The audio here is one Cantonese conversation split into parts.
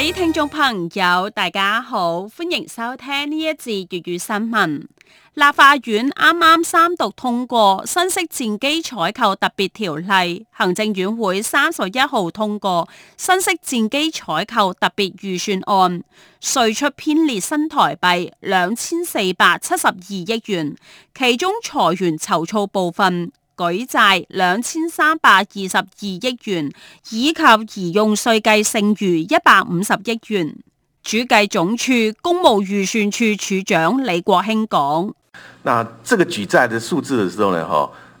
各位聽眾朋友，大家好，歡迎收聽呢一節粵語新聞。立法院啱啱三讀通過《新式戰機採購特別條例》，行政院會三十一號通過《新式戰機採購特別預算案》，歲出編列新台幣兩千四百七十二億元，其中財源籌措部分。舉債兩千三百二十二億元，以及移用歲計剩餘一百五十億元。主計總處公務預算處處長李國興講：那這個舉債的數字的時候呢？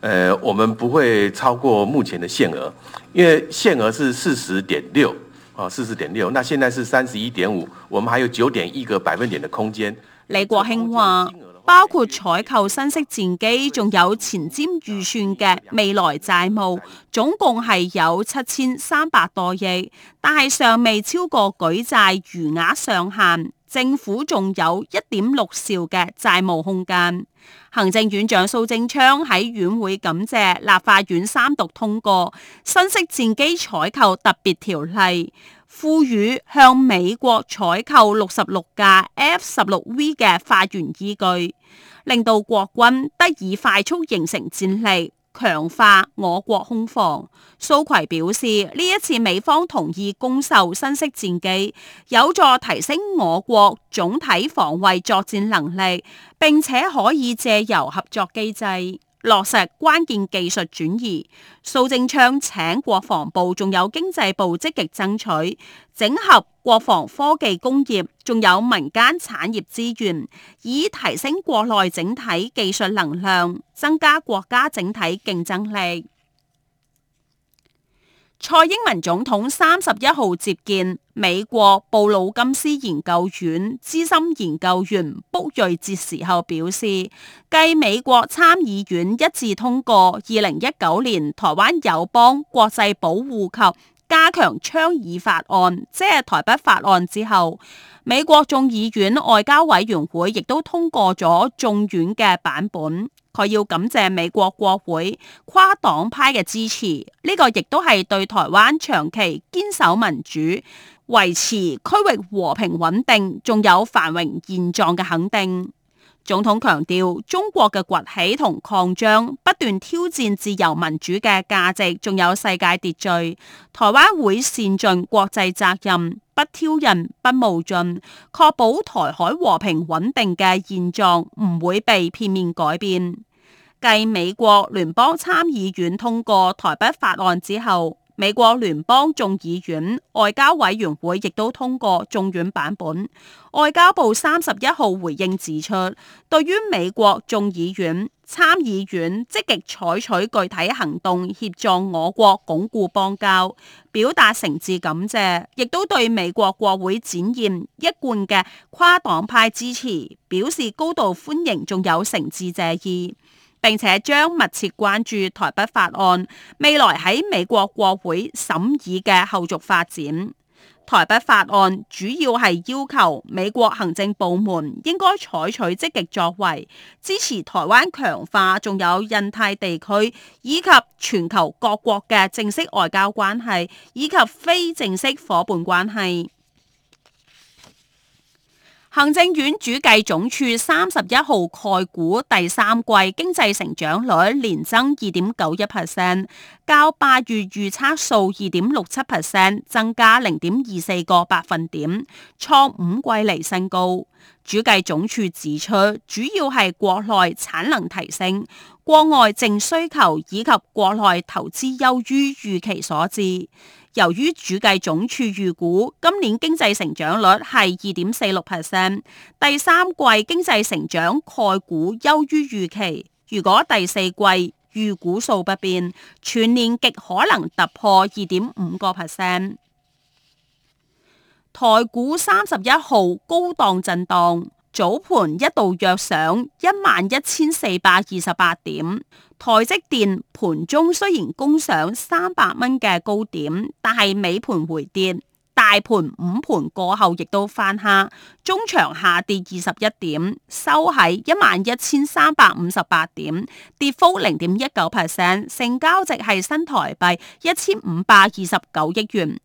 誒、呃，我們不會超過目前的限額，因為限額是四十點六啊，四十點六，那現在是三十一點五，我們還有九點一個百分點的空間。李國興話。包括採購新式戰機，仲有前瞻預算嘅未來債務，總共係有七千三百多億，但係尚未超過舉債餘額上限。政府仲有一點六兆嘅債務空間。行政院長蘇貞昌喺院會感謝立法院三讀通過新式戰機採購特別條例，賦予向美國採購六十六架 F 十六 V 嘅法源依據，令到國軍得以快速形成戰力。強化我國空防。蘇揆表示，呢一次美方同意供售新式戰機，有助提升我國總體防衛作戰能力，並且可以借由合作機制。落實關鍵技術轉移，蘇貞昌請國防部仲有經濟部積極爭取，整合國防科技工業，仲有民間產業資源，以提升國內整體技術能量，增加國家整體競爭力。蔡英文總統三十一號接見。美國布魯金斯研究院資深研究員卜瑞哲時候表示，繼美國參議院一致通過二零一九年台灣友邦國際保護及加強倡議法案，即係台北法案之後，美國眾議院外交委員會亦都通過咗眾院嘅版本。佢要感謝美國國會跨黨派嘅支持，呢個亦都係對台灣長期堅守民主，維持區域和平穩定，仲有繁榮現狀嘅肯定。總統強調，中國嘅崛起同擴張不斷挑戰自由民主嘅價值，仲有世界秩序。台灣會善盡國際責任，不挑釁，不冒進，確保台海和平穩定嘅現狀唔會被片面改變。繼美國聯邦參議院通過台北法案之後，美國聯邦眾議院外交委員會亦都通過眾院版本。外交部三十一號回應指出，對於美國眾議院參議院積極採取具體行動協助我國鞏固邦交，表達誠摯感謝，亦都對美國國會展現一貫嘅跨黨派支持表示高度歡迎，仲有誠摯謝意。並且將密切關注台北法案未來喺美國國會審議嘅後續發展。台北法案主要係要求美國行政部門應該採取積極作為，支持台灣強化仲有印太地區以及全球各國嘅正式外交關係以及非正式夥伴關係。行政院主計總處三十一號概估第三季經濟成長率年增二點九一 percent，較八月預測數二點六七 percent 增加零點二四個百分點，創五季嚟新高。主計總署指出，主要係國內產能提升、國外淨需求以及國內投資優於預期所致。由於主計總處預估今年經濟成長率係二點四六 percent，第三季經濟成長概估優於預期。如果第四季預估數不變，全年極可能突破二點五個 percent。台股三十一號高檔震盪，早盤一度約上一萬一千四百二十八點。台積電盤中雖然攻上三百蚊嘅高點，但係尾盤回跌。大盤午盤過後亦都翻下，中場下跌二十一點，收喺一萬一千三百五十八點，跌幅零點一九 percent。成交值係新台幣一千五百二十九億元。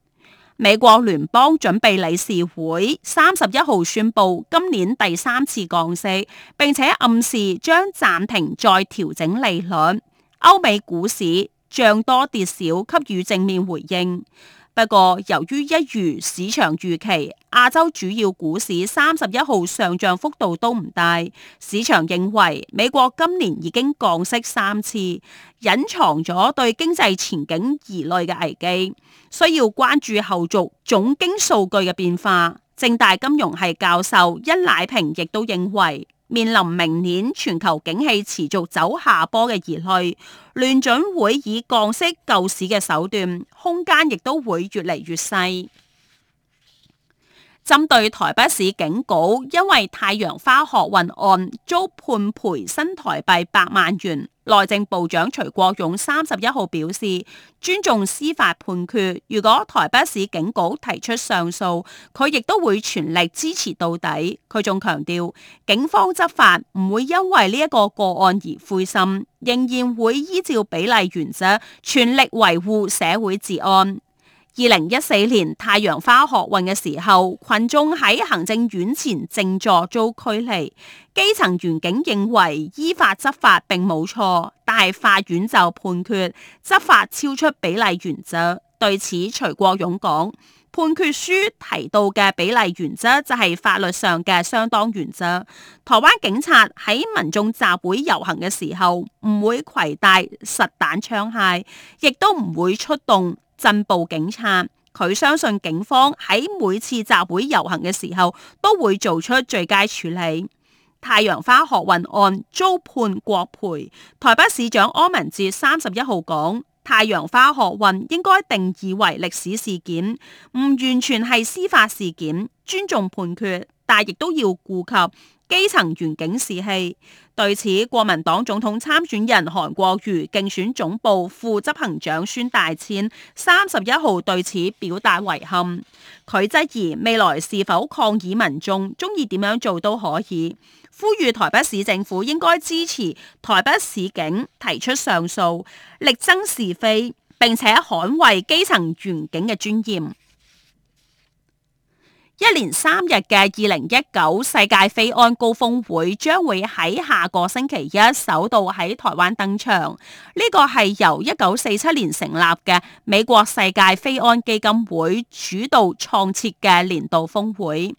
美國聯邦準備理事會三十一號宣布今年第三次降息，並且暗示將暫停再調整利率。歐美股市漲多跌少，給予正面回應。不過，由於一如市場預期。亞洲主要股市三十一號上漲幅度都唔大。市場認為美國今年已經降息三次，隱藏咗對經濟前景疑慮嘅危機，需要關注後續總經數據嘅變化。政大金融系教授殷乃平亦都認為，面臨明年全球景氣持續走下坡嘅疑慮，聯準會以降息救市嘅手段空間亦都會越嚟越細。針對台北市警局，因為太陽花學運案遭判賠新台幣百萬元，內政部長徐國勇三十一號表示尊重司法判決。如果台北市警局提出上訴，佢亦都會全力支持到底。佢仲強調，警方執法唔會因為呢一個個案而灰心，仍然會依照比例原則全力維護社會治安。二零一四年太陽花學運嘅時候，群眾喺行政院前靜坐遭驅離，基層員警認為依法執法並冇錯，但係法院就判決執法超出比例原則。對此，徐國勇講：判決書提到嘅比例原則就係法律上嘅相當原則。台灣警察喺民眾集會遊行嘅時候，唔會攜帶實彈槍械，亦都唔會出動。鎮暴警察，佢相信警方喺每次集會遊行嘅時候都會做出最佳處理。太陽花學運案遭判國賠，台北市長柯文哲三十一號講：太陽花學運應該定義為歷史事件，唔完全係司法事件，尊重判決，但亦都要顧及。基層員警士氣。對此，國民黨總統參選人韓國瑜競選總部副執行長孫大千三十一號對此表達遺憾，佢質疑未來是否抗議民眾鍾意點樣做都可以，呼籲台北市政府應該支持台北市警提出上訴，力爭是非，並且捍衛基層員警嘅尊嚴。一連三日嘅二零一九世界飛安高峰會將會喺下個星期一首度喺台灣登場。呢個係由一九四七年成立嘅美國世界飛安基金會主導創設嘅年度峰會。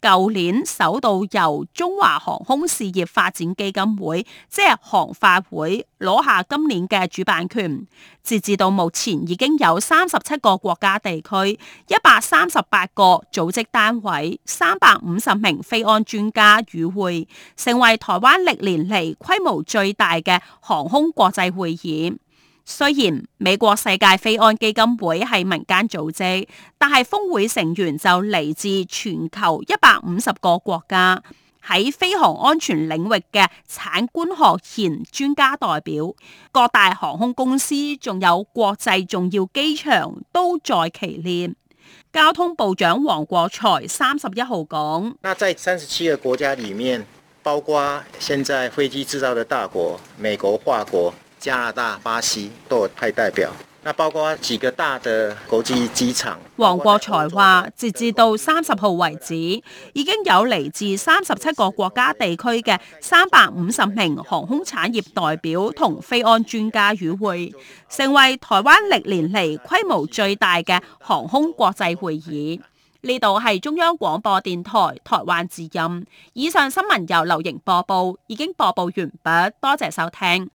舊年首度由中華航空事業發展基金會，即係航發會攞下今年嘅主辦權，直至到目前已經有三十七個國家地區、一百三十八個組織單位、三百五十名飛安專家與會，成為台灣歷年嚟規模最大嘅航空國際會議。雖然美國世界飛安基金會係民間組織，但係峰會成員就嚟自全球一百五十個國家，喺飛航安全領域嘅產官學研專家代表、各大航空公司、仲有國際重要機場都在其列。交通部長王國材三十一號講，那在三十七個國家裏面，包括現在飛機製造的大國美國、法國。加拿大、巴西都有派代表，那包括幾個大的國際機場。王國才話，截至到三十號為止，已經有嚟自三十七個國家地區嘅三百五十名航空產業代表同飛安專家與會，成為台灣歷年嚟規模最大嘅航空國際會議。呢度係中央廣播電台台灣之音。以上新聞由劉瑩播報，已經播報完畢，多謝收聽。